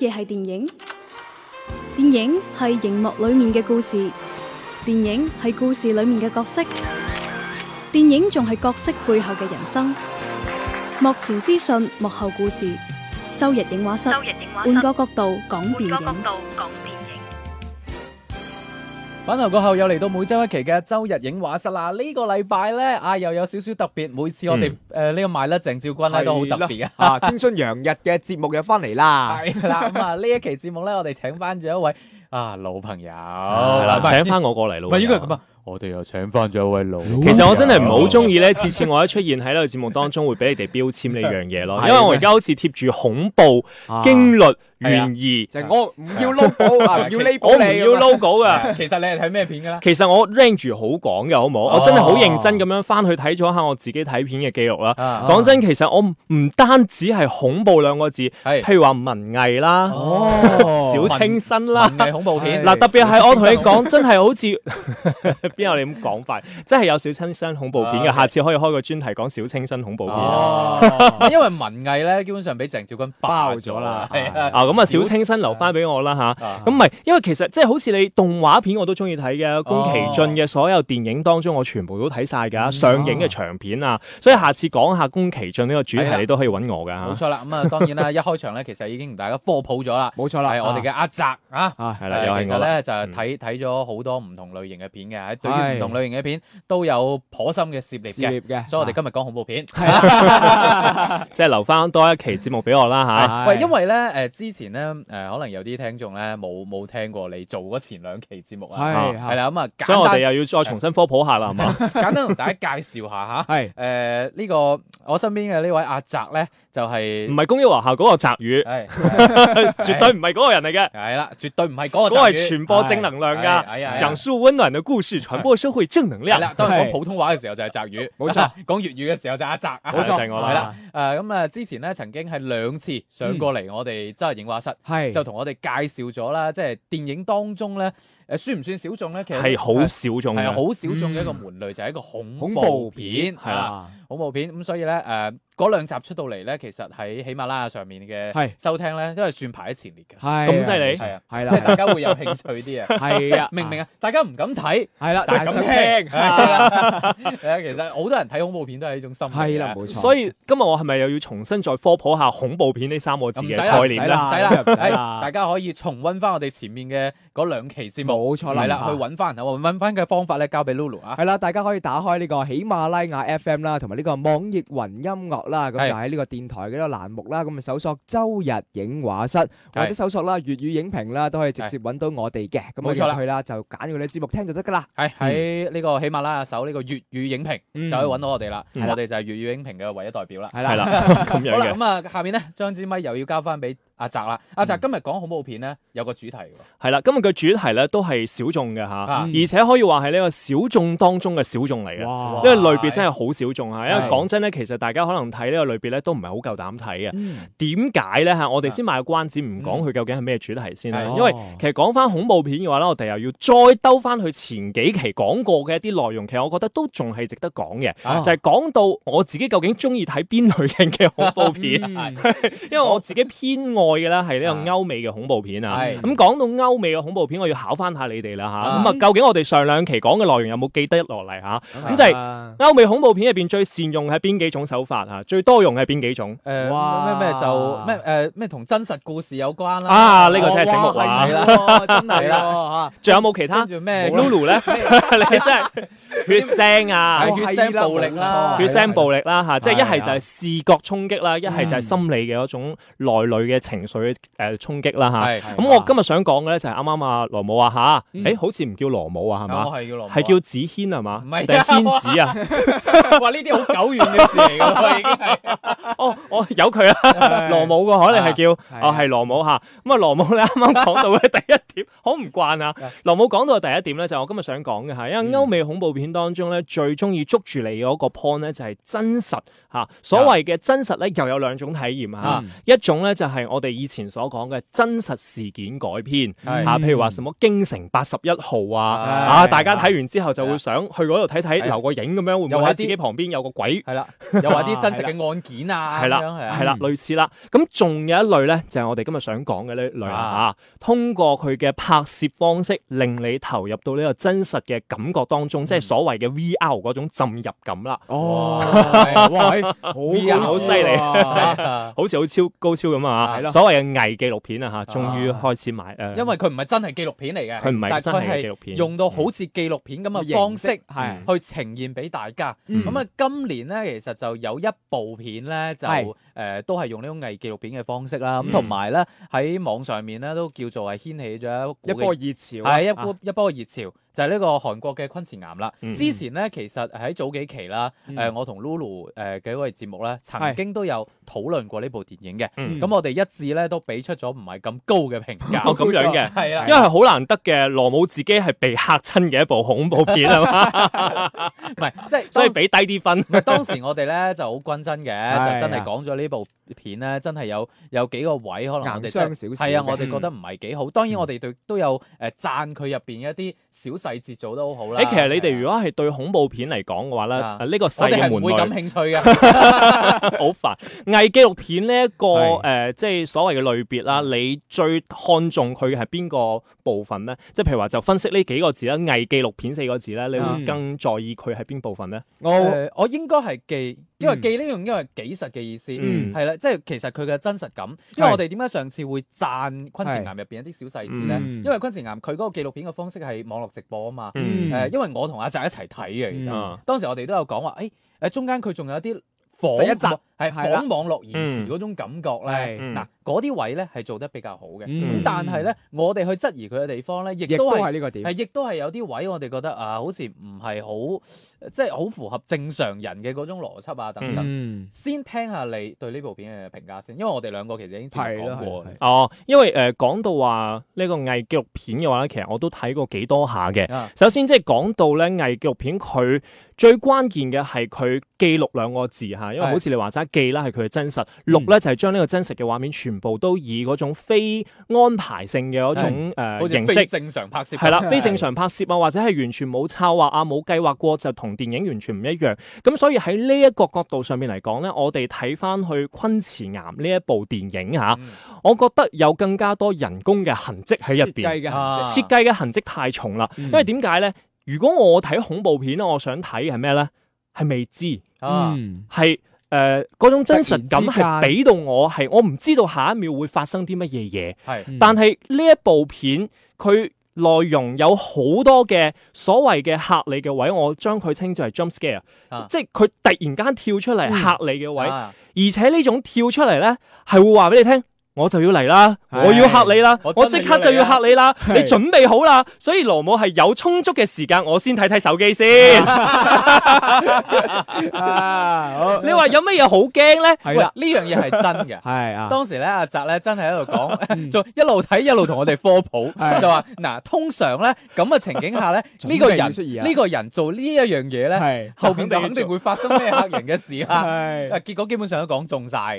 電影係電影，電影係熒幕裏面嘅故事，電影係故事裏面嘅角色，電影仲係角色背後嘅人生。幕前資訊，幕後故事。周日映畫室，換個角度講電影。轉頭過後又嚟到每周一期嘅周日映畫室啦！呢個禮拜咧啊，又有少少特別。每次我哋誒呢個賣甩鄭照君都好特別嘅，青春洋溢嘅節目又翻嚟啦。係啦，咁啊呢一期節目咧，我哋請翻咗一位啊老朋友，請翻我過嚟咯。唔係應該咁啊，我哋又請翻咗一位老朋友。其實我真係唔好中意咧，次次我一出現喺呢個節目當中，會俾你哋標籤呢樣嘢咯。因為我而家好似貼住恐怖、驚慄。願意，我唔要 logo，要 l 我唔要 logo 噶。其實你係睇咩片噶啦？其實我 range 好廣嘅，好唔好？我真係好認真咁樣翻去睇咗一下我自己睇片嘅記錄啦。講真，其實我唔單止係恐怖兩個字，譬如話文藝啦，小清新啦，文藝恐怖片嗱。特別係我同你講，真係好似邊有你咁講法，真係有小清新恐怖片嘅，下次可以開個專題講小清新恐怖片。因為文藝咧，基本上俾鄭少君爆咗啦，係咁啊，小清新留翻俾我啦吓，咁唔係，因為其實即係好似你動畫片我都中意睇嘅，宮崎駿嘅所有電影當中，我全部都睇晒㗎，上映嘅長片啊。所以下次講下宮崎駿呢個主題，你都可以揾我㗎。冇錯啦，咁啊當然啦，一開場咧，其實已經同大家科普咗啦。冇錯啦，係我哋嘅阿澤啊。啊，係啦，其實咧就係睇睇咗好多唔同類型嘅片嘅，喺對於唔同類型嘅片都有頗深嘅涉獵嘅。所以我哋今日講恐怖片。係啊，即係留翻多一期節目俾我啦嚇。喂，因為咧誒之前咧誒，可能有啲聽眾咧冇冇聽過你做嗰前兩期節目啊，係啦咁啊，所以我哋又要再重新科普下啦，係嘛？簡單同大家介紹下嚇，係誒呢個我身邊嘅呢位阿澤咧，就係唔係公益學校嗰個澤宇，係絕對唔係嗰個人嚟嘅，係啦，絕對唔係嗰個，佢係傳播正能量㗎，講述溫暖嘅故事，傳播社會正能量。係啦，當佢講普通話嘅時候就係澤宇，冇錯；講粵語嘅時候就係阿澤，冇錯。係啦，誒咁啊，之前咧曾經係兩次上過嚟我哋周畫室，係是就同我哋介紹咗啦，即係電影當中咧。誒算唔算小眾咧？其實係好小眾，係好小眾嘅一個門類，就係一個恐怖片，係啦，恐怖片咁，所以咧誒嗰兩集出到嚟咧，其實喺喜馬拉雅上面嘅收聽咧，都係算排喺前列嘅，咁犀利，係啊，即大家會有興趣啲啊，係啊，明唔明啊？大家唔敢睇，係啦，但係想聽，係其實好多人睇恐怖片都係呢種心理，係啦，冇錯。所以今日我係咪又要重新再科普下恐怖片呢三個字嘅概念？唔使啦，大家可以重温翻我哋前面嘅嗰兩期節目。冇錯啦，去揾翻，揾翻嘅方法咧，交俾 Lulu 啊。係啦，大家可以打開呢個喜馬拉雅 FM 啦，同埋呢個網易雲音樂啦，咁就喺呢個電台嘅欄目啦，咁啊搜索周日映畫室或者搜索啦粵語影評啦，都可以直接揾到我哋嘅。咁我入去啦，就揀嗰啲節目聽就得㗎啦。係喺呢個喜馬拉雅搜呢個粵語影評，就可以揾到我哋啦。我哋就係粵語影評嘅唯一代表啦。係啦，咁樣嘅。咁啊，下面呢，將支咪又要交翻俾。阿澤啦，阿澤今日講恐怖片咧，有個主題喎。係啦，今日嘅主題咧都係小眾嘅嚇，嗯、而且可以話係呢個小眾當中嘅小眾嚟嘅，因為哇類別真係好小眾啊。的因為講真咧，其實大家可能睇呢個類別咧都唔係好夠膽睇嘅。點解咧嚇？我哋先賣個關子，唔講佢究竟係咩主題先啦。哦、因為其實講翻恐怖片嘅話咧，我哋又要再兜翻去前幾期講過嘅一啲內容，其實我覺得都仲係值得講嘅，哦、就係講到我自己究竟中意睇邊類型嘅恐怖片，嗯、 因為我自己偏愛。嘅啦，係呢個歐美嘅恐怖片啊。咁講到歐美嘅恐怖片，我要考翻下你哋啦吓。咁啊，究竟我哋上兩期講嘅內容有冇記得落嚟吓？咁就係歐美恐怖片入邊最善用係邊幾種手法啊？最多用係邊幾種？誒，咩咩就咩誒咩，同真實故事有關啦。啊，呢個真係醒目啦，真係啦。吓，仲有冇其他？仲咩？Lulu 咧？你真係血腥啊？血腥暴力啦，血腥暴力啦吓。即係一係就係視覺衝擊啦，一係就係心理嘅嗰種內裏嘅情。情緒嘅誒衝擊啦嚇，咁我今日想講嘅咧就係啱啱啊羅姆啊吓，誒好似唔叫羅姆啊係嘛，係叫子軒啊嘛，唔係定軒子啊？哇！呢 啲好久遠嘅事嚟㗎，我已經哦，我由佢啊。哦、羅姆嘅可能係叫哦，係、嗯、羅姆嚇，咁啊羅姆你啱啱講到嘅第一點好唔慣啊，是羅姆講到嘅第一點咧就係我今日想講嘅嚇，因為歐美恐怖片當中咧最中意捉住你嗰個 point 咧就係真實嚇，所謂嘅真實咧又有兩種體驗嚇，啊嗯、一種咧就係我哋。以前所講嘅真實事件改編，嚇，譬如話什麼《京城八十一號》啊，啊，大家睇完之後就會想去嗰度睇睇留個影咁樣，會唔會喺自己旁邊有個鬼？係啦，又話啲真實嘅案件啊，係啦，係啦，類似啦。咁仲有一類咧，就係我哋今日想講嘅呢類啊嚇，通過佢嘅拍攝方式，令你投入到呢個真實嘅感覺當中，即係所謂嘅 VR 嗰種浸入感啦。哦，好犀利，好似好超高超咁啊，所謂嘅偽紀錄片啊嚇，啊終於開始買誒，呃、因為佢唔係真係紀錄片嚟嘅，佢唔係真係紀錄片，用到好似紀錄片咁嘅方式係去呈現俾大家。咁啊、嗯，今年咧其實就有一部片咧就。誒都係用呢種偽紀錄片嘅方式啦，咁同埋咧喺網上面咧都叫做係掀起咗一波熱潮，係一波一波嘅熱潮，就係呢個韓國嘅《昆池岩》啦。之前咧其實喺早幾期啦，誒我同 Lulu 誒嘅一個節目咧，曾經都有討論過呢部電影嘅。咁我哋一致咧都俾出咗唔係咁高嘅評價，咁樣嘅，因為好難得嘅羅姆自己係被嚇親嘅一部恐怖片啊嘛，唔係即係所以俾低啲分。當時我哋咧就好均真嘅，就真係講咗呢，部片咧，真係有有幾個位，可能硬傷少少係啊，我哋覺得唔係幾好。當然我哋對都有誒讚佢入邊一啲小細節做得好好啦。誒，其實你哋如果係對恐怖片嚟講嘅話咧，呢個細嘅門類會感興趣嘅，好煩。偽紀錄片呢一個誒，即係所謂嘅類別啦，你最看重佢係邊個部分咧？即係譬如話就分析呢幾個字啦，偽紀錄片四個字咧，你會更在意佢係邊部分咧？我我應該係記。因為記呢樣，因為紀實嘅意思，係啦、嗯，即係其實佢嘅真實感。因為我哋點解上次會讚昆池岩入邊一啲小細節咧？嗯、因為昆池岩佢嗰個紀錄片嘅方式係網絡直播啊嘛。誒、嗯呃，因為我同阿澤一齊睇嘅，其實、嗯啊、當時我哋都有講話，誒、哎、誒，中間佢仲有啲火。一集。係講網絡延時嗰種感覺咧，嗱嗰啲位咧係做得比較好嘅。咁、嗯、但係咧，我哋去質疑佢嘅地方咧，亦都係呢個點，亦都係有啲位我哋覺得啊，好似唔係好即係好符合正常人嘅嗰種邏輯啊等等。嗯、先聽下你對呢部片嘅評價先，因為我哋兩個其實已經講過。哦，因為誒、呃、講到話呢個偽紀錄片嘅話咧，其實我都睇過幾多下嘅。啊、首先即係講到咧偽紀錄片，佢最關鍵嘅係佢記錄兩個字嚇，因為好似你話齋。記啦，係佢嘅真實錄咧，就係將呢個真實嘅畫面全部都以嗰種非安排性嘅一種誒形式，正常拍攝係啦，呃、非正常拍攝啊，或者係完全冇策劃啊，啊冇計劃過就同電影完全唔一樣。咁所以喺呢一個角度上面嚟講咧，我哋睇翻去《昆池岩》呢一部電影吓，嗯、我覺得有更加多人工嘅痕跡喺入邊，設計嘅痕跡設計嘅痕跡太重啦。嗯、因為點解咧？如果我睇恐怖片咧，我想睇係咩咧？係未知啊，係、嗯。誒嗰，呃、種真實感係俾到我，係，我唔知道下一秒會發生啲乜嘢嘢。係，嗯、但係呢一部片佢內容有好多嘅所謂嘅嚇你嘅位，我將佢稱作係 jump scare、啊、即係佢突然間跳出嚟嚇你嘅位，嗯、而且呢種跳出嚟咧係會話俾你聽。我就要嚟啦！我要嚇你啦！我即刻就要嚇你啦！你準備好啦！所以羅母係有充足嘅時間，我先睇睇手機先。你話有乜嘢好驚呢？係呢樣嘢係真嘅。係啊，當時咧阿澤咧真係喺度講，就一路睇一路同我哋科普，就話嗱，通常咧咁嘅情景下咧，呢個人呢個人做呢一樣嘢咧，後邊就肯定會發生咩嚇人嘅事啦。係結果基本上都講中晒。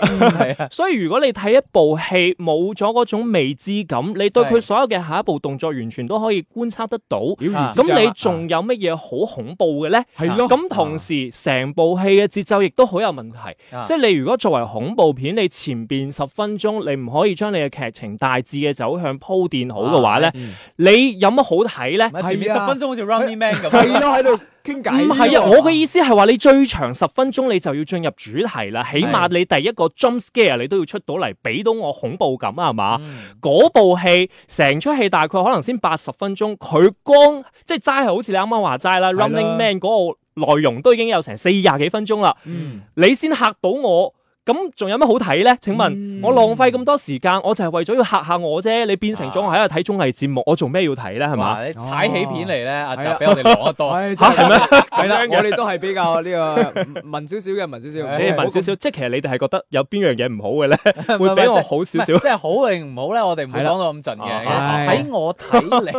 所以如果你睇一部。戲冇咗嗰種未知感，你對佢所有嘅下一步動作完全都可以觀察得到。咁、啊、你仲有乜嘢好恐怖嘅呢？咁、啊、同時，成、啊、部戲嘅節奏亦都好有問題。啊、即係你如果作為恐怖片，你前邊十分鐘你唔可以將你嘅劇情大致嘅走向鋪墊好嘅話、啊嗯、好呢，你有乜好睇呢？前邊、啊、十分鐘好似 Running Man 咁、啊， 唔係啊！啊我嘅意思係話你最長十分鐘你就要進入主題啦，的起碼你第一個 jump scare 你都要出到嚟俾到我恐怖感啊嘛！嗰、嗯、部戲成出戲大概可能先八十分鐘，佢光即係齋係好似你啱啱話齋啦，Running Man 嗰個內容都已經有成四廿幾分鐘啦，嗯、你先嚇到我。咁仲有咩好睇咧？請問我浪費咁多時間，我就係為咗要嚇下我啫！你變成咗我喺度睇綜藝節目，我做咩要睇咧？係嘛？踩起片嚟咧，阿澤比我哋攞得多嚇，係咩？係啦，我哋都係比較呢個問少少嘅，問少少。你問少少，即係其實你哋係覺得有邊樣嘢唔好嘅咧？會比我好少少。即係好定唔好咧？我哋唔會講到咁盡嘅。喺我睇嚟，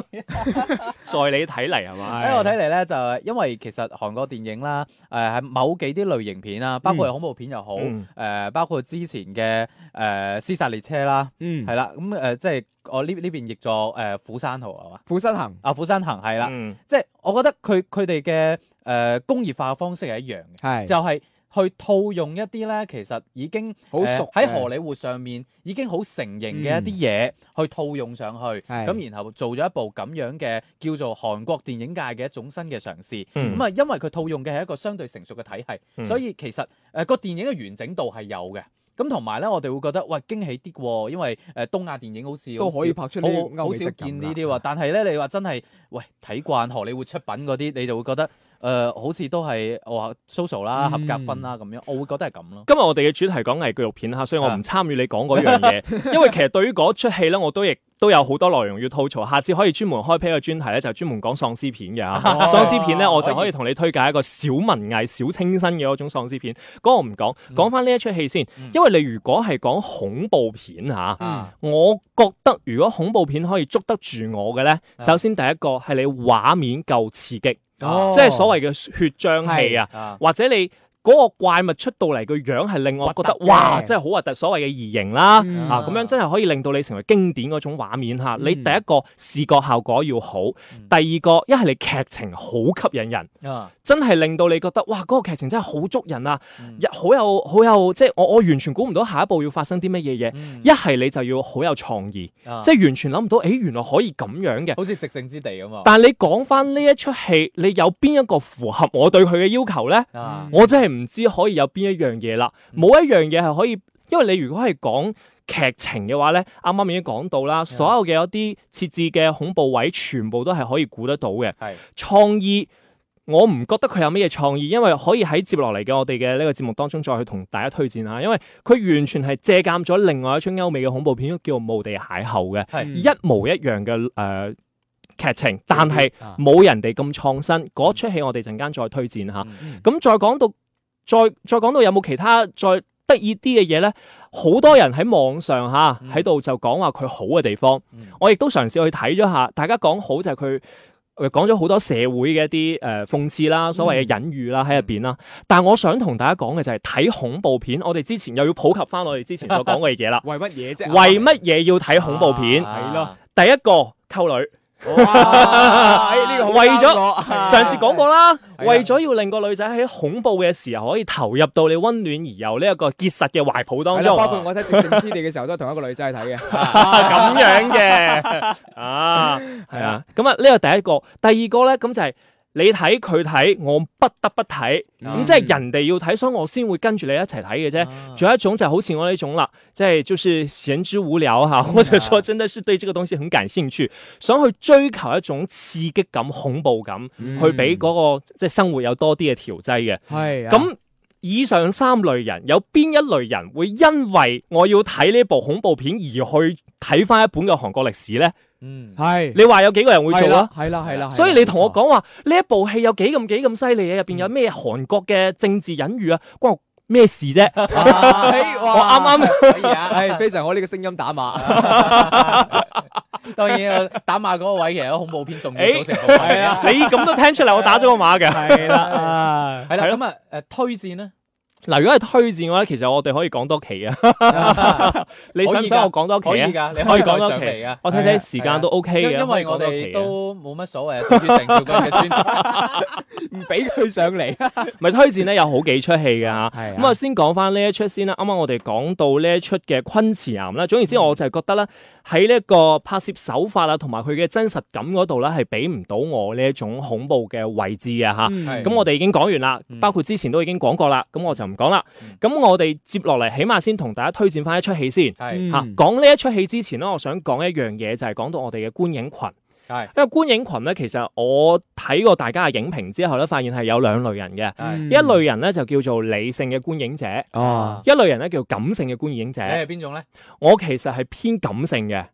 在你睇嚟係嘛？喺我睇嚟咧，就因為其實韓國電影啦，誒係某幾啲類型片啦，包括係恐怖片又好，誒。誒包括之前嘅誒屍殺列車啦，嗯，係啦，咁、呃、誒即係我呢呢邊譯作誒釜山號係嘛？釜山行啊，釜山行係啦，即係、嗯、我覺得佢佢哋嘅誒工業化嘅方式係一樣嘅，係是就係、是。去套用一啲咧，其實已經好熟喺、呃、荷里活上面已經好成形嘅一啲嘢，嗯、去套用上去，咁的然後做咗一部咁樣嘅叫做韓國電影界嘅一種新嘅嘗試。咁啊、嗯，嗯、因為佢套用嘅係一個相對成熟嘅體系，嗯、所以其實誒個、呃、電影嘅完整度係有嘅。咁同埋咧，我哋會覺得喂驚喜啲喎，因為誒東亞電影好似都可以拍出好，好少見呢啲喎。但係咧，你話真係喂睇慣荷里活出品嗰啲，你就會覺得。誒、呃，好似都係我話 social 啦、合格分啦咁、嗯、樣，我會覺得係咁咯。今日我哋嘅主題講係偽紀錄片嚇，所以我唔參與你講嗰樣嘢， 因為其實對於嗰出戲咧，我都亦都有好多內容要吐槽。下次可以專門開闢個專題咧，就係專門講喪屍片嘅嚇。 喪屍片咧， 我就可以同你推介一個小文藝、小清新嘅嗰種喪屍片。嗰個唔講，講翻呢一出戲先。因為你如果係講恐怖片嚇， 啊、 我覺得如果恐怖片可以捉得住我嘅咧， 首先第一個係你畫面夠刺激。哦、即係所謂嘅血漿氣啊，的或者你。嗰個怪物出到嚟個樣係令我覺得哇，真係好核突。所謂嘅異形啦，啊咁樣真係可以令到你成為經典嗰種畫面嚇。你第一個視覺效果要好，第二個一係你劇情好吸引人，真係令到你覺得哇，嗰個劇情真係好捉人啊！好有好有即係我我完全估唔到下一步要發生啲乜嘢嘢。一係你就要好有創意，即係完全諗唔到，哎原來可以咁樣嘅，好似寂靜之地啊嘛。但係你講翻呢一出戲，你有邊一個符合我對佢嘅要求咧？我真係～唔知可以有邊一樣嘢，啦，冇一樣嘢係可以，因為你如果係講劇情嘅話咧，啱啱已經講到啦，所有嘅一啲設置嘅恐怖位，全部都係可以估得到嘅。係是創意，我唔覺得佢有咩嘢創意，因為可以喺接落嚟嘅我哋嘅呢個節目當中再去同大家推薦下，因為佢完全係借鑒咗另外一出歐美嘅恐怖片，叫《墓地邂逅》嘅，係是一模一樣嘅。誒、呃、劇情，但係冇人哋咁創新。嗰出戲我哋陣間再推薦吓。咁、嗯、再講到。再再講到有冇其他再得意啲嘅嘢咧？好多人喺網上吓喺度就講話佢好嘅地方，嗯、我亦都嘗試去睇咗下。大家講好就係佢講咗好多社會嘅一啲誒諷刺啦，所謂嘅隱喻啦喺入邊啦。嗯、但係我想同大家講嘅就係睇恐怖片，我哋之前又要普及翻我哋之前所講嘅嘢啦。 為乜嘢啫？為乜嘢要睇恐怖片？係咯、啊，第一個溝女。哇欸，這個、為咗了，上次講過啦，的為咗要令個女仔喺恐怖嘅時候可以投入到你温暖而又呢一個結實嘅懷抱當中。包括我睇《寂靜之地》嘅時候都係同一個女仔睇嘅，咁樣嘅啊，係啊。咁 啊，呢個的的第一個，第二個咧？咁就係、是。你睇佢睇，我不得不睇，咁、嗯、即係人哋要睇，所以我先會跟住你一齊睇嘅啫。仲、啊、有一種就好似我呢種啦，即係就是閒之無聊吓，或者說真的是對這個東西很感興趣，嗯、想去追求一種刺激感、恐怖感，去俾嗰、嗰個即係生活有多啲嘅調劑嘅。係咁、嗯、以上三類人，有邊一類人會因為我要睇呢部恐怖片而去？睇翻一本嘅韓國歷史咧，嗯，係你話有幾個人會做啊？係啦，係啦，所以你同我講話呢一部戲有幾咁幾咁犀利嘢，入邊有咩韓國嘅政治隱喻啊？關我咩事啫？我啱啱係非常好我呢個聲音打碼，當然打碼嗰個位其實恐怖片重要組成部分你咁都聽出嚟，我打咗個碼嘅。係啦，係啦，咁啊誒推薦呢？嗱，如果係推薦嘅話咧，其實我哋可以講多期啊！ 你想唔想我講多期啊？可你 可以講多期啊！ 我睇睇時間都 OK 嘅，因為我哋都冇乜所謂啊！ 對鄭少君嘅選擇，唔俾佢上嚟咪 推薦咧，有好幾出戲嘅嚇，咁啊 的先講翻呢一出先啦。啱啱我哋講到呢一出嘅《昆池岩》啦，總言之我就係覺得咧喺呢一個拍攝手法啊，同埋佢嘅真實感嗰度咧係俾唔到我呢一種恐怖嘅位置嘅嚇。咁 的、嗯、我哋已經講完啦，嗯、包括之前都已經講過啦。咁我就唔講啦，咁、嗯、我哋接落嚟，起碼先同大家推薦翻一出戲先。係嚇是、啊，講呢一出戲之前咧，我想講一樣嘢，就係、是、講到我哋嘅觀影群。係，因為觀影群咧，其實我睇過大家嘅影評之後咧，發現係有兩類人嘅。一類人咧就叫做理性嘅觀影者，一類人咧叫感性嘅觀影者。邊種咧？我其實係偏感性嘅，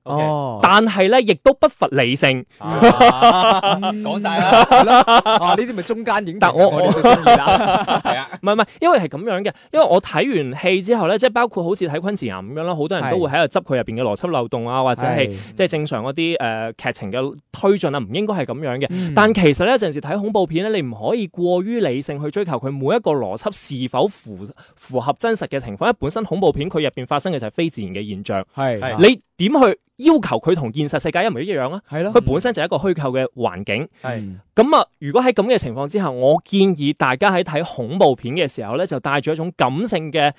但係咧亦都不乏理性。講晒啦，呢啲咪中間影？得。係我我哋最中意啦，係啊，唔係唔係，因為係咁樣嘅，因為我睇完戲之後咧，即係包括好似睇《昆池岩》咁樣啦，好多人都會喺度執佢入邊嘅邏輯漏洞啊，或者係即係正常嗰啲誒劇情嘅。推進啊，唔應該係咁樣嘅。但其實呢，陣時睇恐怖片呢，你唔可以過於理性去追求佢每一個邏輯是否符符合真實嘅情況。因為本身恐怖片佢入邊發生嘅就係非自然嘅現象。係的，你點去要求佢同現實世界一模一樣啊？佢的本身就係一個虛構嘅環境。係的，咁、嗯、啊，如果喺咁嘅情況之下，我建議大家喺睇恐怖片嘅時候呢，就帶住一種感性嘅。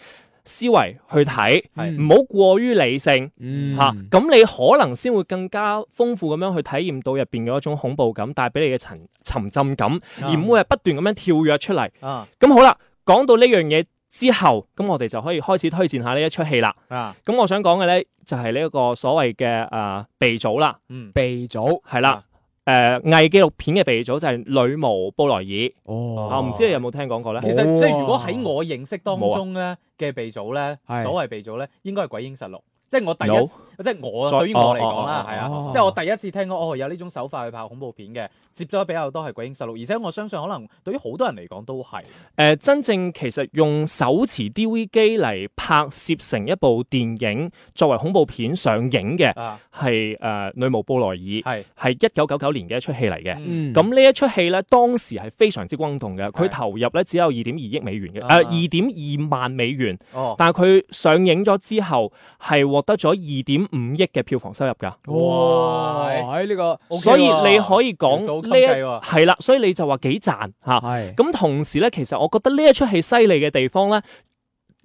思維去睇，係唔好過於理性，吓咁、嗯啊、你可能先會更加豐富咁樣去體驗到入邊嘅一種恐怖感，帶俾你嘅沉沉浸感，啊、而唔會係不斷咁樣跳躍出嚟。咁、啊、好啦，講到呢樣嘢之後，咁我哋就可以開始推薦下呢一出戲啦。咁、啊、我想講嘅咧就係呢一個所謂嘅誒鼻祖啦，嗯，鼻祖係啦。嗯誒，偽、呃、紀錄片嘅鼻祖就係女巫布萊爾哦，唔知你有冇聽講過咧？其實、啊、即係如果喺我認識當中咧嘅鼻祖咧，啊、所謂鼻祖咧，應該係鬼影實錄。即係我第一 No?，oh, oh, oh, oh, oh. 即係我對於我嚟講啦，係啊！即係我第一次聽講，哦，有呢種手法去拍恐怖片嘅，接觸得比較多係鬼影實錄，而且我相信可能對於好多人嚟講都係誒、呃、真正其實用手持 DV 機嚟拍攝成一部電影作為恐怖片上映嘅係誒女巫布萊爾係係一九九九年嘅一出戲嚟嘅。咁呢一出戲咧，當時係非常之轟動嘅，佢、uh, 投入咧只有二點二億美元嘅，誒二點二萬美元，哦，uh. 但係佢上映咗之後係。獲得咗二點五億嘅票房收入噶，哇！喺呢個，所以你可以講呢一係啦，所以你就話幾賺吓。咁同時咧，其實我覺得呢一出戲犀利嘅地方咧，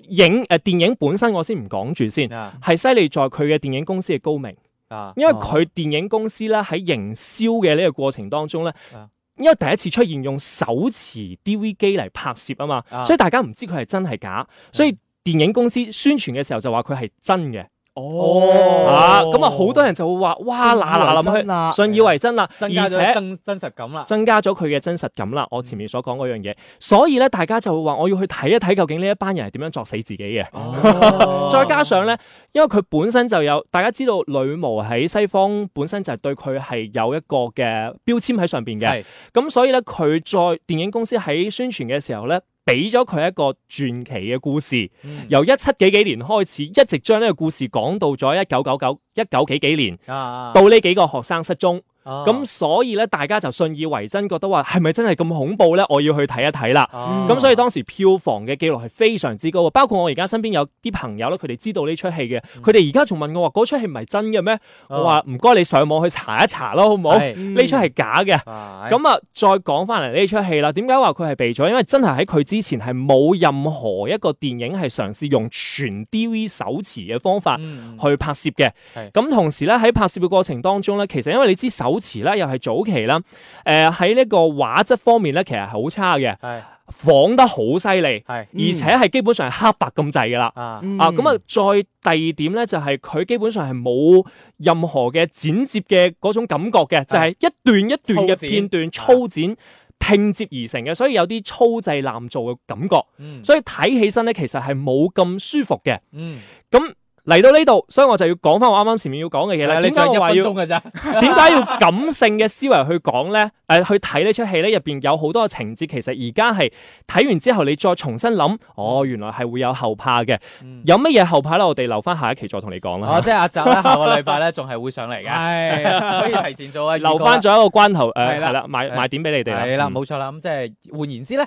影誒電影本身我先唔講住先，系犀利在佢嘅電影公司嘅高明啊，因為佢電影公司咧喺營銷嘅呢個過程當中咧，因為第一次出現用手持 DV 機嚟拍攝啊嘛，所以大家唔知佢係真係假，所以電影公司宣傳嘅時候就話佢係真嘅。哦，oh，啊，咁啊，好多人就會話，哇，嗱嗱臨去，信以為真啦，的而且增加咗真真實感啦，增加咗佢嘅真實感啦。嗯、我前面所講嗰樣嘢，所以咧，大家就會話，我要去睇一睇究竟呢一班人係點樣作死自己嘅。Oh. 再加上咧，因為佢本身就有，大家知道女巫喺西方本身就係對佢係有一個嘅標籤喺上邊嘅，咁的所以咧，佢在電影公司喺宣傳嘅時候咧，俾咗佢一個傳奇嘅故事，嗯、由一七幾幾年開始，一直將呢個故事講到咗一九九九、一九幾幾年，啊啊到呢幾個學生失蹤。咁、啊、所以咧，大家就信以為真，覺得話係咪真係咁恐怖咧？我要去睇一睇啦。咁、啊、所以當時票房嘅記錄係非常之高，包括我而家身邊有啲朋友咧，佢哋知道呢出戲嘅，佢哋而家仲問我話：嗰出戲唔係真嘅咩？啊、我話唔該你上網去查一查咯，好唔好？呢出係假嘅。咁啊、嗯，再講翻嚟呢出戲啦。點解話佢係避咗？因為真係喺佢之前係冇任何一個電影係嘗試用全 DV 手持嘅方法去拍攝嘅。咁、嗯嗯、同時咧，喺拍攝嘅過程當中咧，其實因為你知手保持啦，又係早期啦，誒喺呢個畫質方面咧，其實係好差嘅，係是仿得好犀利，係、嗯、而且係基本上係黑白咁滯噶啦，啊咁啊、嗯、啊，再第二點咧就係、是、佢基本上係冇任何嘅剪接嘅嗰種感覺嘅，就係、是、一段一段嘅片段粗剪是拼接而成嘅，所以有啲粗製濫造嘅感覺，嗯、所以睇起身咧其實係冇咁舒服嘅，嗯，咁、嗯。嚟到呢度，所以我就要講翻我啱啱前面要講嘅嘢咧。點解我話要？點解要感性嘅思維去講咧？誒，去睇呢出戲咧，入邊有好多嘅情節，其實而家係睇完之後，你再重新諗，哦，原來係會有後怕嘅。有乜嘢後怕咧？我哋留翻下一期再同你講啦。即係阿澤啦，下個禮拜咧，仲係會上嚟嘅。係可以提前做，啊！留翻咗一個關頭，誒，係啦，賣賣點俾你哋。係啦，冇錯啦。咁即係換言之咧。